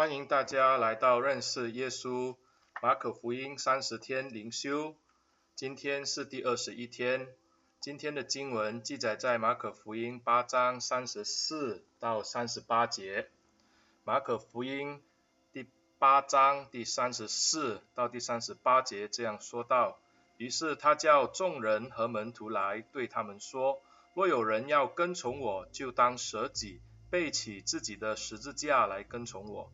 歡迎大家來到認識耶穌馬可福音三十天靈修，今天是第二十一天。今天的經文記載在馬可福音八章三十四到三十八節。馬可福音第八章第三十四到第三十八節這樣說到：於是他叫眾人和門徒來，對他們說，若有人要跟從我，就當捨己，背起自己的十字架來跟從我。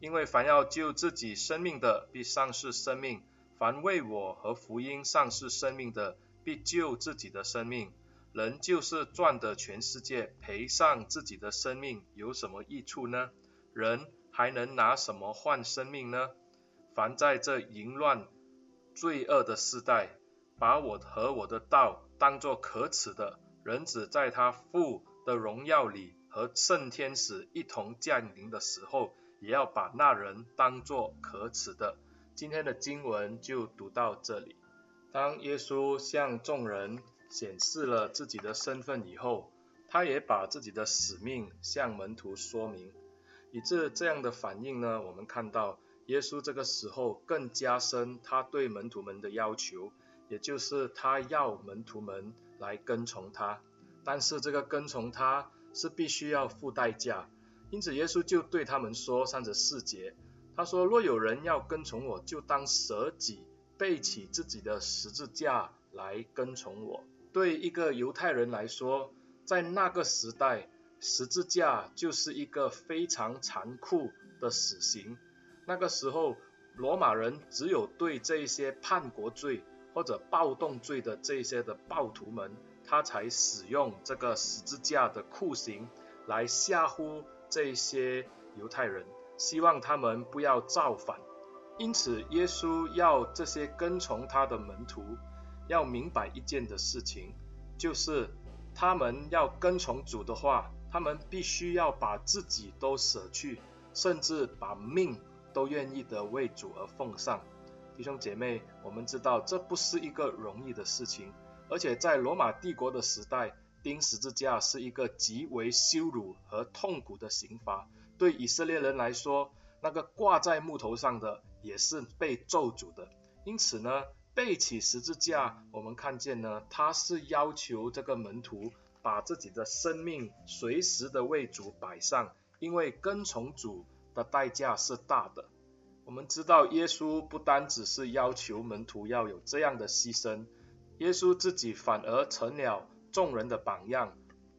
因為凡要救自己生命的，必喪失生命；凡為我和福音喪失生命的，必救自己的生命。人就是賺得全世界，賠上自己的生命，有什麼益處呢？人還能拿什麼換生命呢？凡在這淫亂、罪惡的世代，把我和我的道當作可恥的，人子在他父的榮耀裡和聖天使一同降臨的時候。也要把那人當作可恥的。今天的經文就讀到這裡。當耶穌向眾人顯示了自己的身份以後，他也把自己的使命向門徒說明，以致這樣的反應呢？我們看到耶穌這個時候更加深他對門徒們的要求，也就是他要門徒們來跟從他，但是這個跟從他是必須要付代價。因此，耶穌就對他們說：“三十四節，他說：若有人要跟從我，就當捨己，背起自己的十字架來跟從我。對一個猶太人來說，在那個時代，十字架就是一個非常殘酷的死刑。那個時候，羅馬人只有對這一些叛國罪或者暴動罪的這些的暴徒們，他才使用這個十字架的酷刑來嚇唬。”這一些猶太人希望他們不要造反，因此耶穌要這些跟從他的門徒要明白一件的事情，就是他們要跟從主的話，他們必須要把自己都捨去，甚至把命都願意的為主而奉上。弟兄姐妹，我們知道這不是一個容易的事情，而且在羅馬帝國的時代。釘十字架是一個極為羞辱和痛苦的刑罰，對以色列人來說，那個掛在木頭上的也是被咒詛的。因此呢，背起十字架，我們看見呢，他是要求這個門徒把自己的生命隨時的為主擺上，因為跟從主的代價是大的。我們知道，耶穌不單只是要求門徒要有這樣的犧牲，耶穌自己反而成了。眾人的榜樣，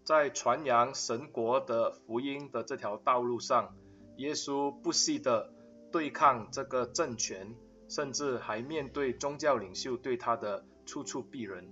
在傳揚神國的福音的這條道路上，耶穌不惜的對抗這個政權，甚至還面對宗教領袖對他的處處逼人。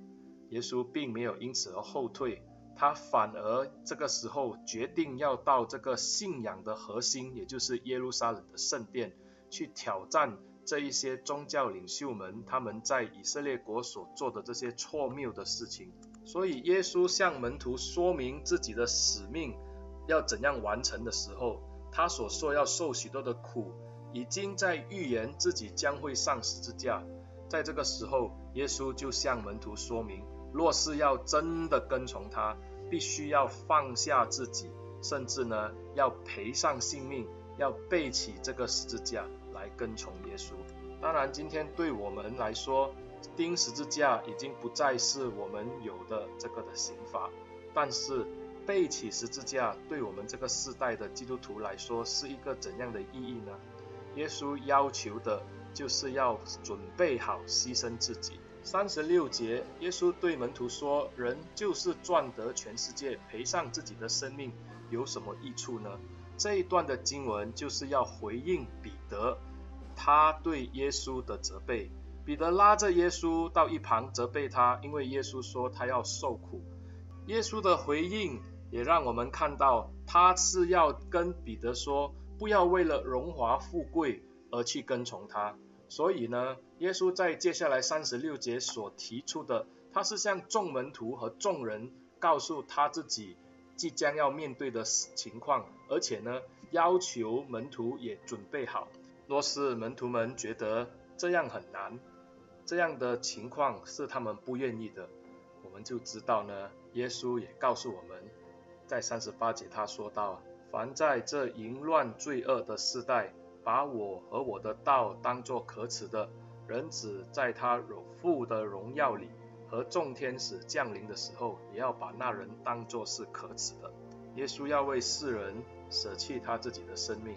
耶穌並沒有因此而後退，他反而這個時候決定要到這個信仰的核心，也就是耶路撒冷的聖殿，去挑戰這一些宗教領袖們，他們在以色列國所做的這些錯謬的事情。所以，耶穌向門徒說明自己的使命要怎樣完成的時候，他所說要受許多的苦，已經在預言自己將會上十字架。在這個時候，耶穌就向門徒說明，若是要真的跟從他，必須要放下自己，甚至呢要賠上性命，要背起這個十字架來跟從耶穌。當然，今天對我們來說，釘十字架已經不再是我們有的這個的刑罰，但是背起十字架對我們這個世代的基督徒來說是一個怎樣的意義呢？耶穌要求的就是要準備好犧牲自己。三十六節，耶穌對門徒說：“人就是賺得全世界，賠上自己的生命，有什麼益處呢？”這一段的經文就是要回應彼得他對耶穌的責備。彼得拉着耶穌到一旁責備他，因為耶穌說他要受苦。耶穌的回應也讓我們看到，他是要跟彼得說，不要為了榮華富貴而去跟從他。所以呢，耶穌在接下來三十六節所提出的，他是向眾門徒和眾人告訴他自己即將要面對的情況，而且呢，要求門徒也準備好。若是門徒們覺得這樣很難，這樣的情況是他們不願意的，我們就知道呢。耶穌也告訴我們，在三十八節他說道：“凡在這淫亂罪惡的世代，把我和我的道當作可恥的，人子在他父的榮耀裡和眾天使降臨的時候，也要把那人當作是可恥的。”耶穌要為世人捨棄他自己的生命，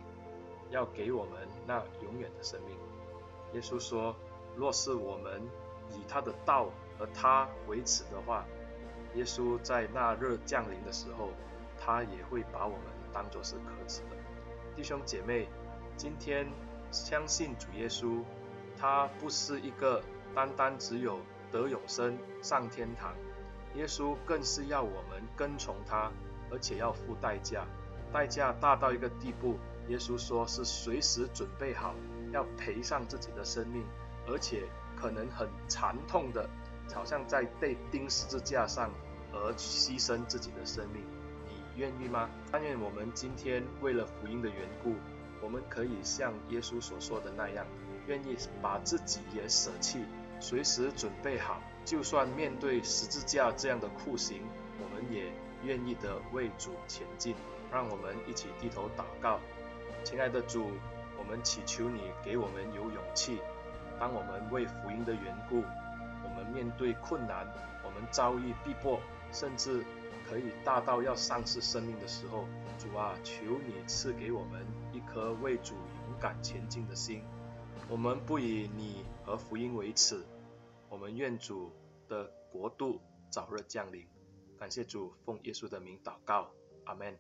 要給我們那永遠的生命。耶穌說。若是我們以他的道和他為恥的話，耶穌在那日降臨的時候，他也會把我們當做是可恥的。弟兄姐妹，今天相信主耶穌，他不是一個單單只有得永生、上天堂。耶穌更是要我們跟從他，而且要付代價，代價大到一個地步，耶穌說是隨時準備好要賠上自己的生命。而且可能很慘痛的，好像在被釘十字架上而犧牲自己的生命，你願意嗎？但願我們今天為了福音的緣故，我們可以像耶穌所說的那樣，願意把自己也捨棄，隨時準備好，就算面對十字架這樣的酷刑，我們也願意的為主前進。讓我們一起低頭禱告，親愛的主，我們祈求你給我們有勇氣。當我們為福音的緣故，我們面對困難，我們遭遇逼迫，甚至可以大到要喪失生命的時候，主啊，求你賜給我們一顆為主勇敢前進的心。我們不以你和福音為恥，我們願主的國度早日降臨。感謝主，奉耶穌的名禱告。阿門。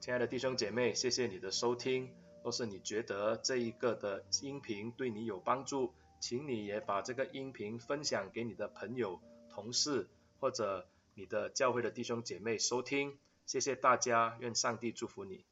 親愛的弟兄姐妹，謝謝你的收聽，若是你覺得這一個的音頻對你有幫助，請你也把這個音頻分享給你的朋友、同事，或者你的教會的弟兄姐妹收聽，謝謝大家，願上帝祝福你。